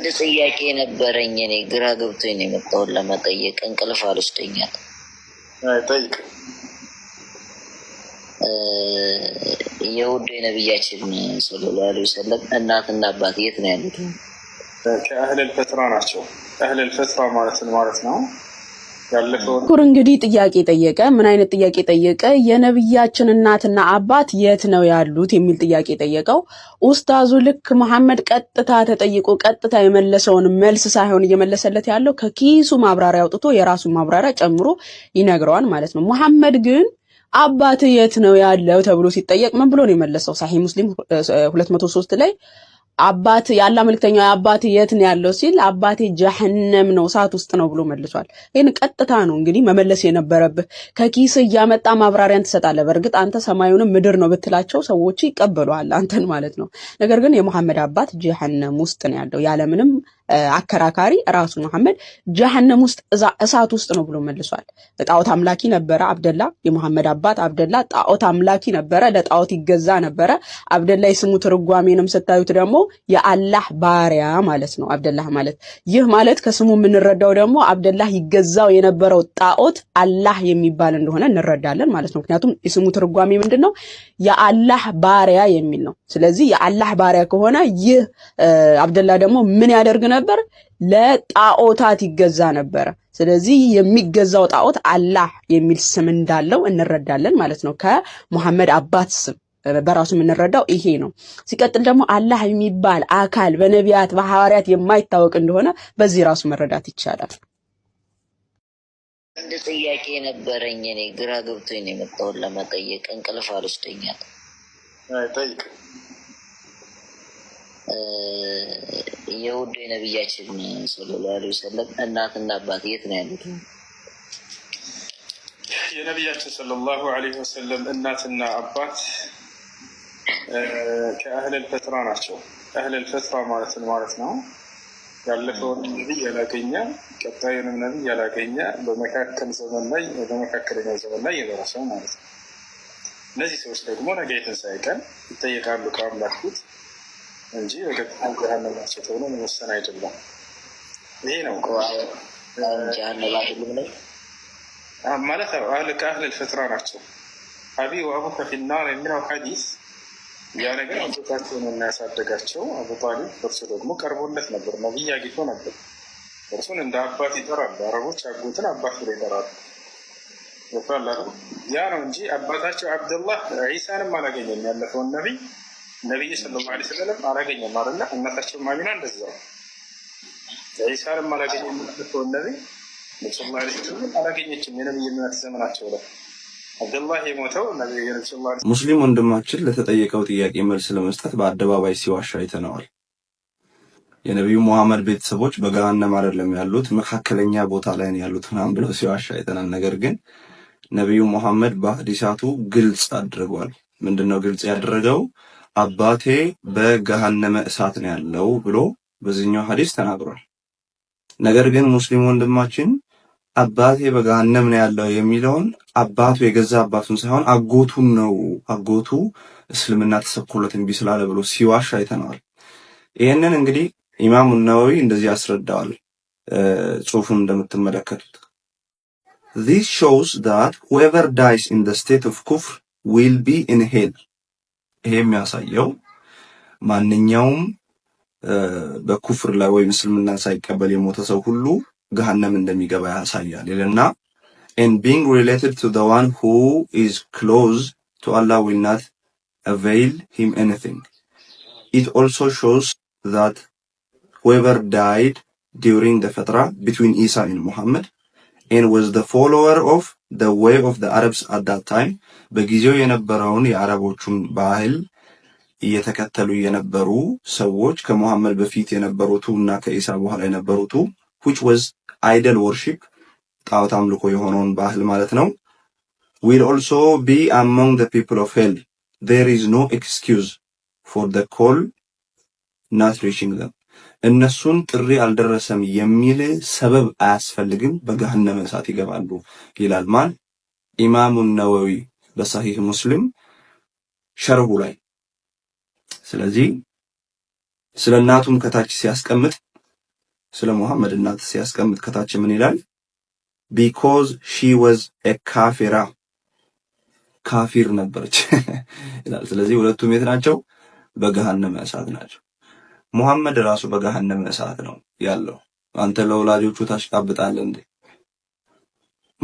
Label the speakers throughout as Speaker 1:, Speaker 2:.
Speaker 1: አንድ ጥያቄ ነበረኝ። እኔ ግራ ገብቶኝ ነው የመጣሁት ለመጠየቅ። እንቅልፍ አልወስደኛል። ጠይቅ። የውድ የነቢያችን ሰለላሁ ዐለይሂ ወሰለም እናትና አባት የት ነው ያሉት?
Speaker 2: ከአህለል ፈትራ ናቸው። አህለል ፈትራ ማለትን ማለት ነው
Speaker 3: ኩር እንግዲህ ጥያቄ ጠየቀ። ምን አይነት ጥያቄ ጠየቀ? የነብያችን እናትና አባት የት ነው ያሉት የሚል ጥያቄ ጠየቀው። ኡስታዙ ልክ መሐመድ ቀጥታ ተጠይቆ ቀጥታ የመለሰውን መልስ ሳይሆን እየመለሰለት ያለው ከኪሱ ማብራሪያ አውጥቶ የራሱን ማብራሪያ ጨምሮ ይነግረዋል ማለት ነው። መሐመድ ግን አባት የት ነው ያለው ተብሎ ሲጠየቅ ምን ብሎ ነው የመለሰው? ሳሂ ሙስሊም 203 ላይ አባት የአላህ መልክተኛ አባት የት ነው ያለው ሲል አባቴ ጀሐነም ነው እሳት ውስጥ ነው ብሎ መልሷል። ይህን ቀጥታ ነው እንግዲህ መመለስ የነበረብህ። ከኪስ እያመጣ ማብራሪያን ትሰጣለህ። በእርግጥ አንተ ሰማዩንም ምድር ነው ብትላቸው ሰዎች ይቀበሉሃል፣ አንተን ማለት ነው። ነገር ግን የመሐመድ አባት ጀሐነም ውስጥ ነው ያለው ያለምንም አከራካሪ ራሱ መሐመድ ጀሃነም ውስጥ እሳት ውስጥ ነው ብሎ መልሷል። ጣዖት አምላኪ ነበረ አብደላ። የመሐመድ አባት አብደላ ጣዖት አምላኪ ነበረ፣ ለጣዖት ይገዛ ነበረ። አብደላ የስሙ ትርጓሜንም ስታዩት ደግሞ የአላህ ባሪያ ማለት ነው አብደላ ማለት። ይህ ማለት ከስሙ የምንረዳው ደግሞ አብደላ ይገዛው የነበረው ጣዖት አላህ የሚባል እንደሆነ እንረዳለን ማለት ነው። ምክንያቱም የስሙ ትርጓሜ ምንድን ነው? የአላህ ባሪያ የሚል ነው። ስለዚህ የአላህ ባሪያ ከሆነ ይህ አብደላ ደግሞ ምን ያደርግ ነበር? ነበር? ለጣዖታት ይገዛ ነበረ። ስለዚህ የሚገዛው ጣዖት አላህ የሚል ስም እንዳለው እንረዳለን ማለት ነው። ከሙሐመድ አባት ስም በራሱ የምንረዳው ይሄ ነው። ሲቀጥል ደግሞ አላህ የሚባል አካል በነቢያት በሐዋርያት የማይታወቅ እንደሆነ በዚህ ራሱ መረዳት ይቻላል።
Speaker 1: አንድ ጥያቄ ነበረኝ። እኔ ግራ ገብቶኝ ነው ለመጠየቅ። እንቅልፍ አልወስደኛል። የውድ የነቢያችን ሰለላሁ ዐለይሂ ወሰለም እናትና አባት የት ነው ያሉት?
Speaker 2: የነቢያችን ሰለላሁ ዐለይሂ ወሰለም እናትና አባት ከአህለል ፈትራ ናቸው። አህለል ፈትራ ማለትን ማለት ነው ያለፈውን ነቢይ ያላገኘ ቀጣዩንም ነቢይ ያላገኘ በመካከል ዘመን ላይ በመካከለኛው ዘመን ላይ የደረሰው ማለት ነው። እነዚህ ሰዎች ደግሞ ነገ የትንሣኤ ቀን ይጠየቃሉ ከአምላክ ፊት እንጂ ወደቀን ጀሃነም ናቸው ተብሎ መወሰን አይደለም። ይሄ ነው ማለት ከአህል ፍጥራ ናቸው። አቢ ወአቡከ ፊናር የሚለው ሐዲስ ያ ነገር አጎታቸውን የሚያሳደጋቸው አቡ ጣሊብ እርሱ ደግሞ ቀርቦለት ነበር፣ ነብይ አግኝቶ ነበር። እርሱን እንደ አባት ይጠራሉ። አረቦች አጎትን አባት ብሎ ይጠራሉ። ይፈላሉ። ያ ነው እንጂ አባታቸው አብደላህ ዒሳንም አላገኘም ያለፈውን ነቢይ ነቢይ ሰለላሁ ዐለይሂ ወሰለም አላገኘም አለ። እናታችን ማሚና እንደዛ ዒሳንም አላገኘም። ምትሆን ነቢይ ነቢዩ ላ ስለም አላገኘችም። የነቢይ የነቢይነት ዘመናቸው ላይ
Speaker 4: ሙስሊም ወንድማችን ለተጠየቀው ጥያቄ መልስ ለመስጠት በአደባባይ ሲዋሻ አይተነዋል። የነቢዩ ሙሐመድ ቤተሰቦች በገሃነም አይደለም ያሉት መካከለኛ ቦታ ላይ ያሉት ምናምን ብለው ሲዋሻ አይተናል። ነገር ግን ነቢዩ ሙሐመድ በሐዲሳቱ ግልጽ አድርጓል። ምንድን ነው ግልጽ ያደረገው? አባቴ በገሃነመ እሳት ነው ያለው ብሎ በዚህኛው ሐዲስ ተናግሯል። ነገር ግን ሙስሊም ወንድማችን አባቴ በገሃነም ነው ያለው የሚለውን አባቱ የገዛ አባቱን ሳይሆን አጎቱን ነው አጎቱ እስልምና ተሰብኮለት እምቢ ስላለ ብሎ ሲዋሽ አይተነዋል። ይህንን እንግዲህ ኢማሙ ነወዊ እንደዚህ ያስረዳዋል። ጽሑፉን እንደምትመለከቱት this shows that whoever dies in the state of kufr will be in hell ይሄ የሚያሳየው ማንኛውም በኩፍር ላይ ወይም እስልምና ሳይቀበል የሞተ ሰው ሁሉ ገሃነም እንደሚገባ ያሳያል ይልና and being related to the one who is close to Allah will not avail him anything it also shows that whoever died during the fatra between Isa and Muhammad and was the follower of the way of the Arabs at that time በጊዜው የነበረውን የአረቦቹን ባህል እየተከተሉ የነበሩ ሰዎች ከሙሐመድ በፊት የነበሩቱ እና ከኢሳ በኋላ የነበሩቱ which was idol worship ጣዖት አምልኮ የሆነውን ባህል ማለት ነው will also be among the people of hell there is no excuse for the call not reaching them እነሱን ጥሪ አልደረሰም የሚል ሰበብ አያስፈልግም፣ በገሃነመ እሳት ይገባሉ ይላል ማን ኢማሙ ነወዊ በሳሂህ ሙስሊም ሸርቡ ላይ ስለዚህ ስለ እናቱም ከታች ሲያስቀምጥ ስለ ሙሐመድ እናት ሲያስቀምጥ ከታች ምን ይላል? ቢኮዝ ሺ ወዝ ኤ ካፊራ ካፊር ነበረች ይላል። ስለዚህ ሁለቱም የት ናቸው? በገሃነመ እሳት ናቸው። ሙሐመድ ራሱ በገሃነመ እሳት ነው ያለው። አንተ ለወላጆቹ ታሽቃብጣለህ እንዴ?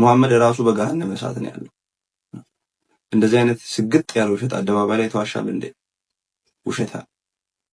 Speaker 4: ሙሐመድ ራሱ በገሃነመ እሳት ነው ያለው። እንደዚህ አይነት ስግጥ ያለ ውሸት አደባባይ ላይ ተዋሻል እንዴ? ውሸታ